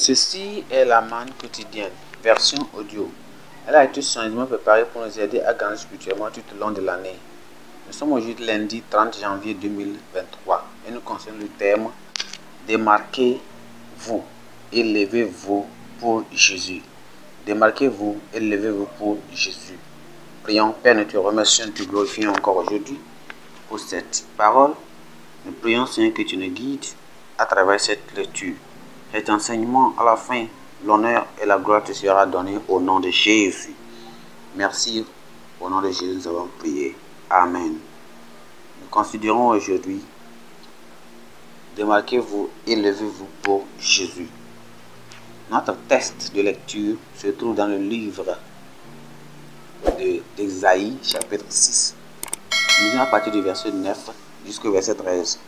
Ceci est la manne quotidienne, version audio. Elle a été soigneusement préparée pour nous aider à grandir spirituellement tout au long de l'année. Nous sommes aujourd'hui lundi 30 janvier 2023 et nous concerne le thème Démarquez-vous, élevez-vous pour Jésus. Démarquez-vous, élevez-vous pour Jésus. Prions, Père, nous te remercions, nous te glorifions encore aujourd'hui pour cette parole. Nous prions, Seigneur, que tu nous guides à travers cette lecture cet enseignement à la fin. L'honneur et la gloire te sera donné au nom de Jésus. Merci au nom de Jésus, nous avons prié. Amen. Nous considérons aujourd'hui, démarquez-vous, élevez-vous pour Jésus. Notre test de lecture se trouve dans le livre d'Esaïe, chapitre 6. Nous allons à partir du verset 9 jusqu'au verset 13.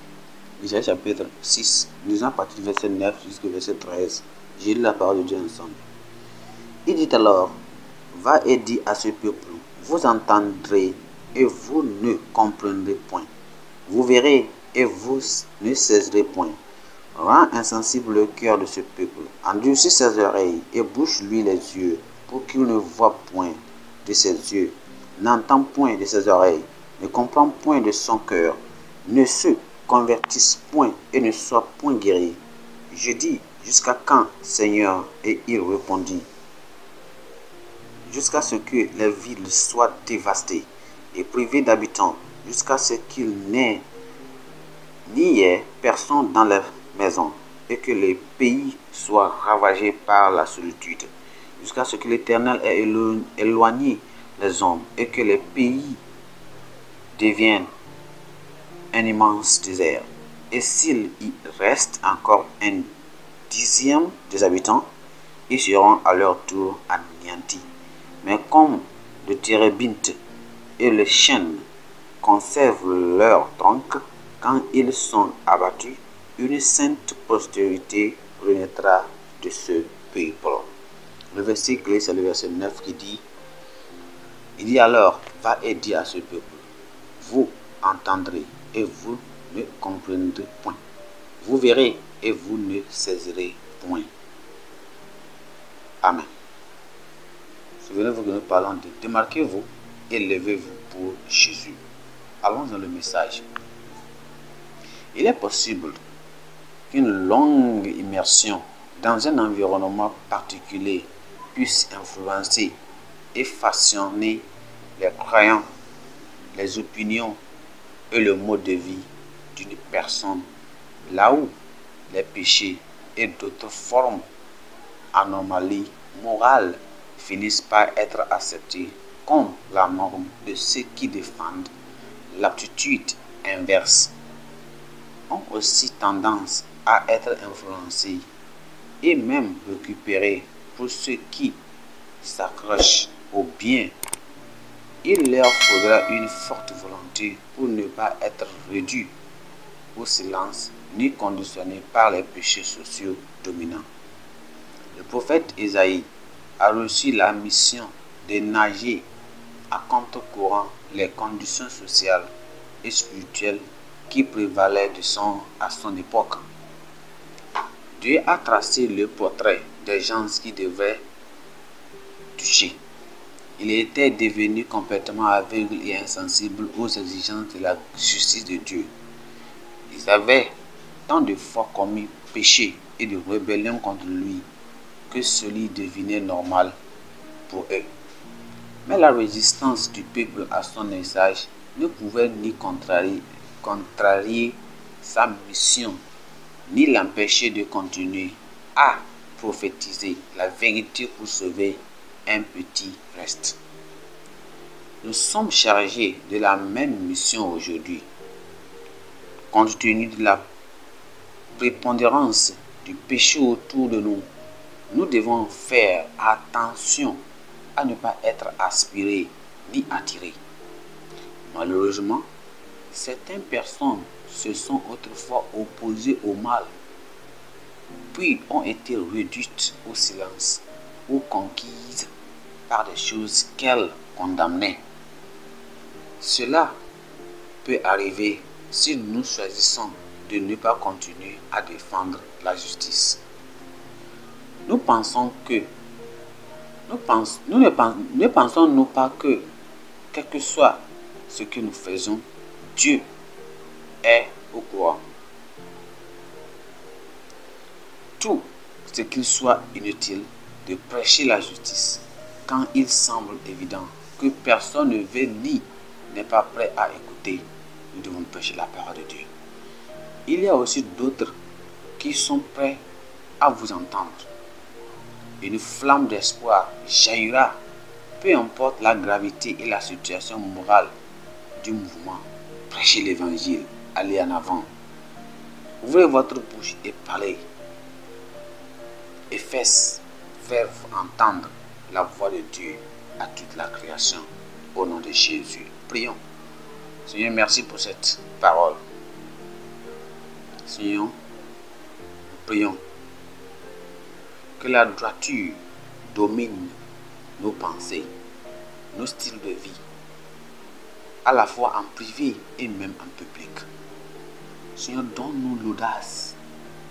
Isaïe chapitre 6, nous en partie verset 9 jusqu'au verset 13. J'ai lu la parole de Dieu ensemble. Il dit alors, va et dis à ce peuple, vous entendrez et vous ne comprendrez point. Vous verrez et vous ne saisirez point. Rends insensible le cœur de ce peuple, endurcis ses oreilles et bouche-lui les yeux, pour qu'il ne voie point de ses yeux, n'entend point de ses oreilles, ne comprend point de son cœur, ne se convertissent point et ne soit point guéri Je dis, jusqu'à quand, Seigneur Et il répondit, jusqu'à ce que les villes soient dévastées et privées d'habitants, jusqu'à ce qu'il n'ait n'y ait personne dans la maison et que les pays soient ravagés par la solitude, jusqu'à ce que l'Éternel ait éloigné les hommes, et que les pays deviennent un immense désert. Et s'il y reste encore un dixième des habitants, ils seront à leur tour anéantis. Mais comme le térébinthe et le chêne conservent leur tronc, quand ils sont abattus, une sainte postérité renaîtra de ce peuple. Le verset clé, c'est le verset 9 qui dit Il dit alors, va et dit à ce peuple, vous entendrez et vous ne comprenez point. Vous verrez et vous ne saisirez point. Amen. Souvenez-vous que nous parlons de démarquez-vous et levez-vous pour Jésus. Allons dans le message. Il est possible qu'une longue immersion dans un environnement particulier puisse influencer et façonner les croyants, les opinions le mode de vie d'une personne, là où les péchés et d'autres formes anomalies morales finissent par être acceptées comme la norme de ceux qui défendent l'aptitude inverse, ont aussi tendance à être influencés et même récupérés pour ceux qui s'accrochent au bien il leur faudra une forte volonté pour ne pas être réduits au silence ni conditionnés par les péchés sociaux dominants. Le prophète Isaïe a reçu la mission de nager à contre-courant les conditions sociales et spirituelles qui prévalaient de son, à son époque. Dieu a tracé le portrait des gens qui devaient toucher il était devenu complètement aveugle et insensible aux exigences de la justice de Dieu. Ils avaient tant de fois commis péché et de rébellion contre lui que celui devinait normal pour eux. Mais la résistance du peuple à son message ne pouvait ni contrarier, contrarier sa mission, ni l'empêcher de continuer à prophétiser la vérité pour sauver un petit reste. Nous sommes chargés de la même mission aujourd'hui. Compte tenu de la prépondérance du péché autour de nous, nous devons faire attention à ne pas être aspirés ni attirés. Malheureusement, certaines personnes se sont autrefois opposées au mal, puis ont été réduites au silence ou conquise par des choses qu'elle condamnait. Cela peut arriver si nous choisissons de ne pas continuer à défendre la justice. Nous pensons que nous, nous ne, pensons, pas que, quel que soit ce que nous faisons, Dieu est au courant. Tout ce qu'il soit inutile de prêcher la justice quand il semble évident que personne ne veut ni n'est pas prêt à écouter. Nous devons prêcher la parole de Dieu. Il y a aussi d'autres qui sont prêts à vous entendre. Une flamme d'espoir jaillira, peu importe la gravité et la situation morale du mouvement. Prêchez l'évangile, allez en avant. Ouvrez votre bouche et parlez. Ephèse, faire entendre la voix de Dieu à toute la création. Au nom de Jésus, prions. Seigneur, merci pour cette parole. Seigneur, prions que la droiture domine nos pensées, nos styles de vie, à la fois en privé et même en public. Seigneur, donne-nous l'audace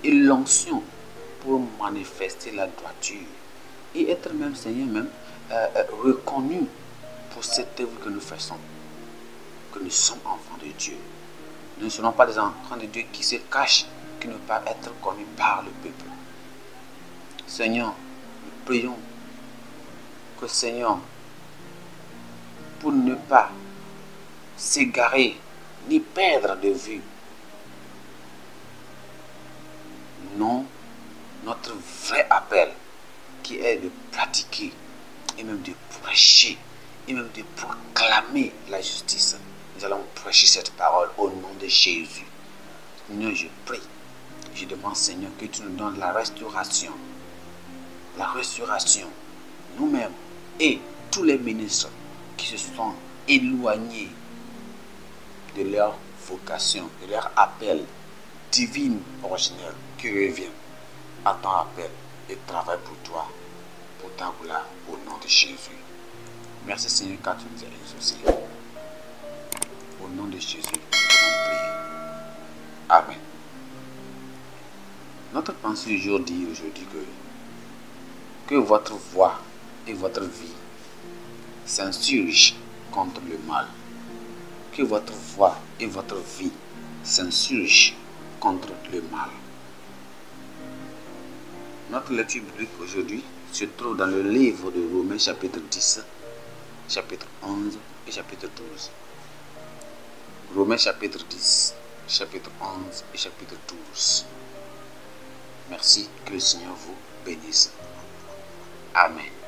et l'onction pour manifester la droiture et être même, Seigneur, même euh, euh, reconnu pour cette œuvre que nous faisons, que nous sommes enfants de Dieu. Nous ne serons pas des enfants de Dieu qui se cachent, qui ne peuvent pas être connus par le peuple. Seigneur, nous prions que Seigneur, pour ne pas s'égarer ni perdre de vue non notre vrai appel qui est de pratiquer et même de prêcher et même de proclamer la justice. Nous allons prêcher cette parole au nom de Jésus. Seigneur, je prie. Je demande, Seigneur, que tu nous donnes la restauration. La restauration, nous-mêmes et tous les ministres qui se sont éloignés de leur vocation, de leur appel divin originel qui revient à ton appel et travaille pour toi, pour ta gloire, au nom de Jésus. Merci Seigneur car tu nous as Au nom de Jésus, Amen. Notre pensée du jour dit aujourd'hui que, que votre voix et votre vie s'insurgent contre le mal. Que votre voix et votre vie s'insurgent contre le mal. Notre lecture biblique aujourd'hui se trouve dans le livre de Romains chapitre 10, chapitre 11 et chapitre 12. Romains chapitre 10, chapitre 11 et chapitre 12. Merci, que le Seigneur vous bénisse. Amen.